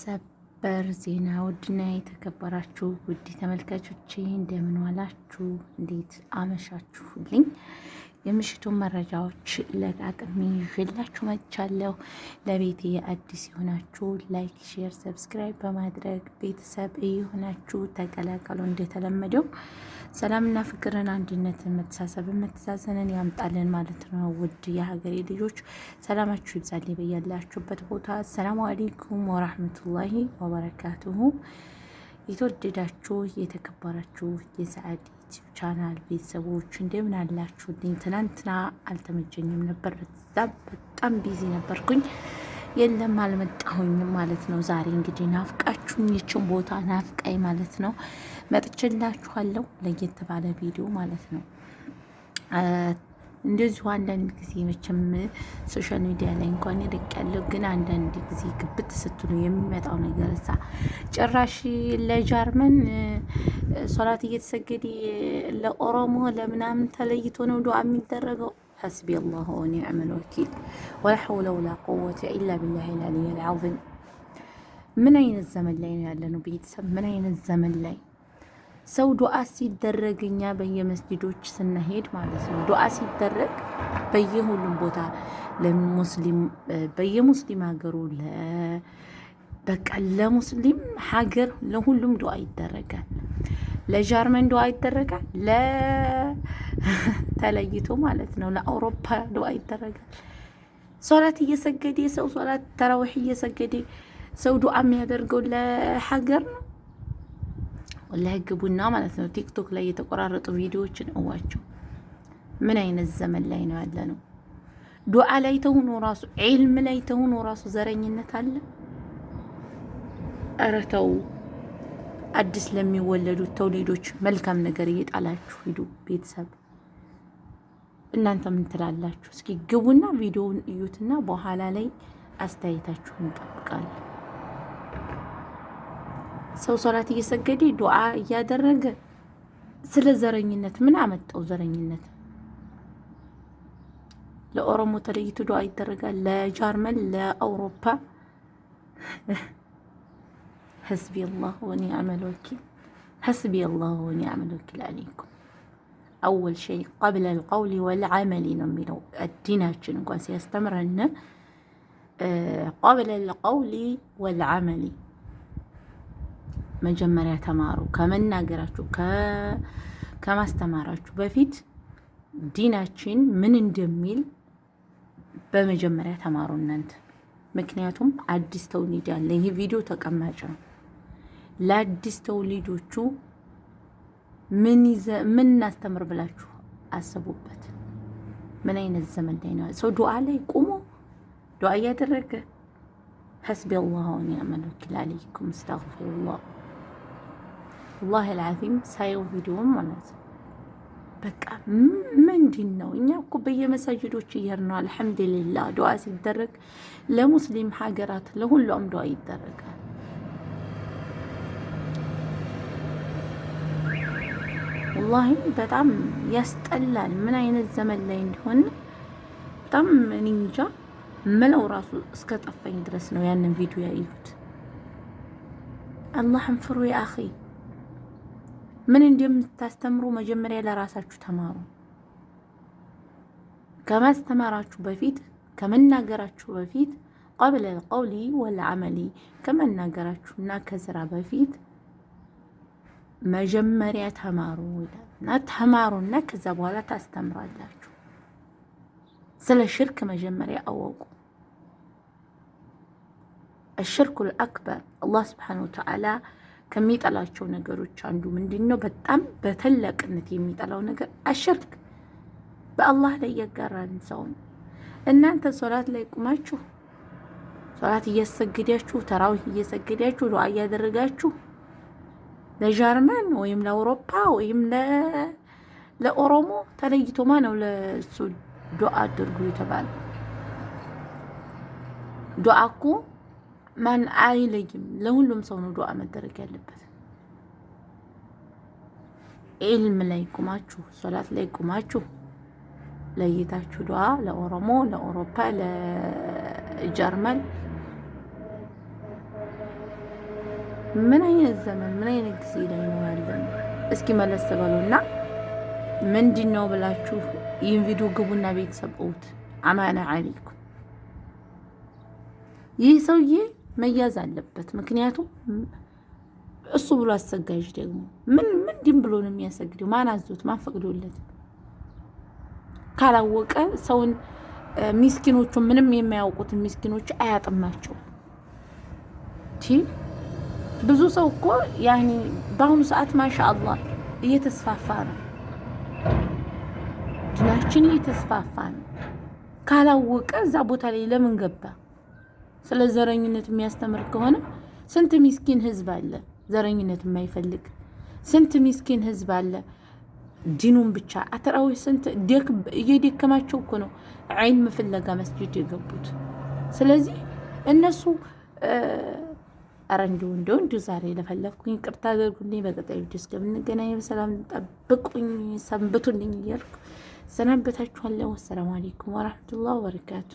ሰበር ዜና ውድና የተከበራችሁ ውድ ተመልካቾቼ እንደምን ዋላችሁ? እንዴት አመሻችሁልኝ? የምሽቱን መረጃዎች ለቃቅሚ ይዤላችሁ መጥቻለሁ። ለቤቴ አዲስ የሆናችሁ ላይክ፣ ሼር፣ ሰብስክራይብ በማድረግ ቤተሰብ እየሆናችሁ ተቀላቀሉ። እንደተለመደው ሰላምና ፍቅርን፣ አንድነትን፣ መተሳሰብን፣ መተዛዘንን ያምጣልን ማለት ነው። ውድ የሀገሬ ልጆች ሰላማችሁ ይብዛል በያላችሁበት ቦታ። አሰላሙ አሌይኩም ወራህመቱላሂ ወበረካቱሁ የተወደዳችሁ የተከበራችሁ የሰዓዲት ቻናል ቤተሰቦች እንደምን አላችሁልኝ? ትናንትና አልተመቸኝም ነበር። በዛ በጣም ቢዚ ነበርኩኝ። የለም አልመጣሁኝም ማለት ነው። ዛሬ እንግዲህ ናፍቃችሁኝ ይችን ቦታ ናፍቃይ ማለት ነው መጥቼላችኋለሁ። ለየት ባለ ቪዲዮ ማለት ነው። እንደዚሁ አንዳንድ ጊዜ መቼም ሶሻል ሚዲያ ላይ እንኳን ይደቅ ያለው ግን አንዳንድ ጊዜ ግብት ስትሉ የሚመጣው ነገር እዛ ጭራሽ ለጃርመን ሶላት እየተሰገደ ለኦሮሞ ለምናምን ተለይቶ ነው ዱዓ የሚደረገው። ሐስቢ አላሁ ወኒዕመል ልወኪል ወላ ሐውለ ወላ ቁወተ ኢላ ቢላሂ ልዓሊይ ልዓዚም። ምን አይነት ዘመን ላይ ነው ያለነው? ቤተሰብ ምን አይነት ዘመን ላይ ሰው ዱዓ ሲደረግ እኛ በየመስጂዶች ስናሄድ ማለት ነው። ዱዓ ሲደረግ በየሁሉም ቦታ ለሙስሊም በየሙስሊም ሀገሩ በቃ ለሙስሊም ሀገር ለሁሉም ዱዓ ይደረጋል። ለጀርመን ዱዓ ይደረጋል። ለተለይቶ ማለት ነው ለአውሮፓ ዱዓ ይደረጋል። ሶላት እየሰገደ ሰው ሶላት ተራዊሕ እየሰገደ ሰው ዱዓ የሚያደርገው ለሀገር ነው ለህግ ቡና ማለት ነው። ቲክቶክ ላይ የተቆራረጡ ቪዲዮዎችን እዋቸው። ምን አይነት ዘመን ላይ ነው ያለ ነው? ዱዓ ላይ ተሆኖ ራሱ ዒልም ላይ ተሆኖ ራሱ ዘረኝነት አለ። እረ ተው። አዲስ ለሚወለዱት ተውሊዶች መልካም ነገር እየጣላችሁ ሂዱ። ቤተሰብ እናንተ ምን ትላላችሁ? እስኪ ግቡና ቪዲዮውን እዩትና በኋላ ላይ አስተያየታችሁን እንጠብቃለን። ሰው ሶላት እየሰገደ ዱዓ እያደረገ ስለ ዘረኝነት ምን አመጣው? ዘረኝነት ለኦሮሞ ተለይቶ ዱዓ ይደረጋል። ለጃርመን ለአውሮፓ ሐስቢ አላህ ወኒዕመል ወኪል፣ ሐስቢ አላህ ወኒዕመል ወኪል አለይኩም። አወል ሸይ ቀብለ አልቀውሊ ወልዓመሊ ነው የሚለው አዲናችን እንኳን ሲያስተምረን ቀብለ አልቀውሊ ወልዓመሊ መጀመሪያ ተማሩ። ከመናገራችሁ ከማስተማራችሁ በፊት ዲናችን ምን እንደሚል በመጀመሪያ ተማሩ እናንተ። ምክንያቱም አዲስ ተውሊድ ያለ ይህ ቪዲዮ ተቀማጭ ነው። ለአዲስ ተውሊዶቹ ምን እናስተምር ብላችሁ አስቡበት። ምን አይነት ዘመን ላይ ነው ሰው ዱዓ ላይ ቁሞ ዱዓ እያደረገ ሐስቢ አላህ ወኒዕመል ወኪል አለይኩም አስተግፊሩላህ ወላሂ ላዚም ሳየው ቪዲዮም ማለት ነው። በቃ ምንድን ነው እኛ እኮ በየመሳጅዶች እየር ነው። አልሐምዱሊላህ ዱዓ ሲደረግ ለሙስሊም ሀገራት ለሁሉም ዱዓ ይደረጋል። ወላሂ በጣም ያስጠላል። ምን አይነት ዘመን ላይ እንደሆነ በጣም እኔ እንጃ ምለው ራሱ እስከ ጠፋኝ ድረስ ነው ያንን ቪዲዮ ያዩት። አላህን ፍሩ ያ አኺ ምን እንደምታስተምሩ መጀመሪያ ለራሳችሁ ተማሩ። ከማስተማራችሁ በፊት ከመናገራችሁ በፊት ቀብለ ቀውሊ ወላ አመሊ ከመናገራችሁና ከስራ በፊት መጀመሪያ ተማሩ እና ተማሩና ከዛ በኋላ ታስተምራላችሁ። ስለ ሽርክ መጀመሪያ አወቁ። አሽርኩል አክበር አላህ ስብሓነሁ ወተዓላ ከሚጠላቸው ነገሮች አንዱ ምንድን ነው? በጣም በታላቅነት የሚጠላው ነገር አሽርክ፣ በአላህ ላይ የጋራን ሰው ነው። እናንተ ሶላት ላይ ቁማችሁ ሶላት እያሰገዳችሁ ተራዊህ እየሰገዳችሁ ዱዓ እያደረጋችሁ ለጀርመን ወይም ለአውሮፓ ወይም ለኦሮሞ ተለይቶ ነው ለሱ ዱዓ አድርጉ የተባለ ዱዓ እኮ ማን አይለይም። ለሁሉም ሰው ነው ዱዓ መደረግ ያለበት። ኢልም ላይ ቁማችሁ፣ ሶላት ላይ ቁማችሁ ለይታችሁ ዱዓ ለኦሮሞ፣ ለአውሮፓ፣ ለጀርመን ምን አይነት ዘመን ምን አይነት ጊዜ ላይ ነው ያለን? እስኪ መለስ በሉና ምንድን ነው ብላችሁ ይህን ቪዲዮ ግቡና ቤተሰብ እውት አማና አለይኩም ይህ ሰውዬ መያዝ አለበት። ምክንያቱም እሱ ብሎ አሰጋጅ ደግሞ ምን ምን ብሎ ነው የሚያሰግደው? ማን አዞት? ማን ፈቅዶለት? ካላወቀ ሰውን ሚስኪኖቹ ምንም የማያውቁትን ሚስኪኖቹ አያጥማቸው። ብዙ ሰው እኮ ያኒ በአሁኑ ሰዓት ማሻአላህ እየተስፋፋ ነው፣ ድናችን እየተስፋፋ ነው። ካላወቀ እዛ ቦታ ላይ ለምን ገባ? ስለ ዘረኝነት የሚያስተምር ከሆነ ስንት ሚስኪን ህዝብ አለ ዘረኝነት የማይፈልግ ስንት ሚስኪን ህዝብ አለ ዲኑን ብቻ አተራዊ ስንት እየደከማቸው እኮ ነው አይን መፈለጋ መስጅድ የገቡት። ስለዚህ እነሱ ኧረ እንዲሁ እንዲሁ እንዲሁ ዛሬ ለፈለግኩኝ ቅርታ አድርጉልኝ። በቀጣይ ቪዲዮ እስከምንገናኝ በሰላም ጠብቁኝ፣ ሰንብቱልኝ እያልኩ ሰናበታችኋለሁ። ወሰላሙ አሌይኩም ወረሕመቱላህ ወበረካቱ።